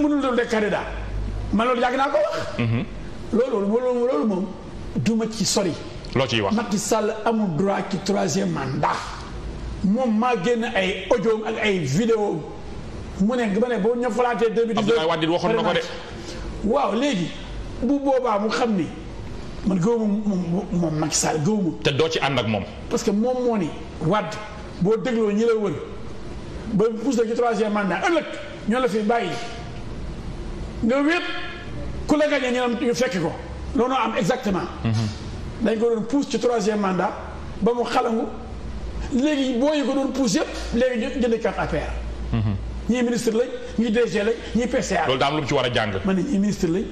mënul doon nekk candidat man loolu yàgg naa ko wax. Mhm. loolu loolu loolu moom duma ci sori. loo ci wax Macky Sall amul droit ci troisième mandat. moom maa génn ay audio ak ay vidéo mu ne ba ne boo ñu falaatee. 2019 Abdoulaye Wade waxoon ko de. waaw léegi bu boobaa mu xam ni man gëwuma moom moom Macky Sall gëwuma. te doo ci ànd ak moom. parce que moom moo ni Wade boo dégloo ñi la wër ba pousse la ci troisième mandat ëllëg ñoo la fi bàyyi. nga wéet ku la gañe ñu ñu fekk ko loolu am exactement dañ ko doon pousse ci troisième mandat ba mu xalangu léegi boo booyi ko doon pouse yëpp léegi jënd carte APR ñii ministre lañ ñii DG lañ ñii PCA loolu daam lu ci war a jàng man ne ñii ministre lañ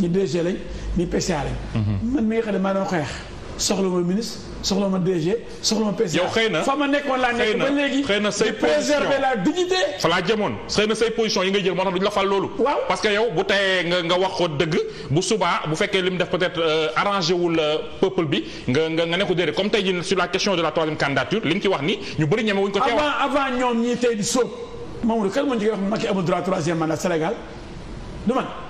ñii DG lañ ñii PCA lañ mhm. man mi nga maa doon xeex soxla ma ministre soxla ma DG soxla ma PCA. yow xëy na fa ma nekkoon laa nekk ba léegi. xëy na say position préserver la dignité. fa laa jëmoon xëy na say position yi ngay jël moo tax duñ la fal loolu. parce que yow bu tayee nga nga wax ko dëgg bu subaa bu fekkee li mu def peut-être euh, arrangé euh, peuple bi nga nga nga ne ko comme tey jii sur la question de la troisième candidature li ñu ci wax ni ñu bëri ñeme ko. tey avant ñoom ñii tey di sóob Mamadou kan du man.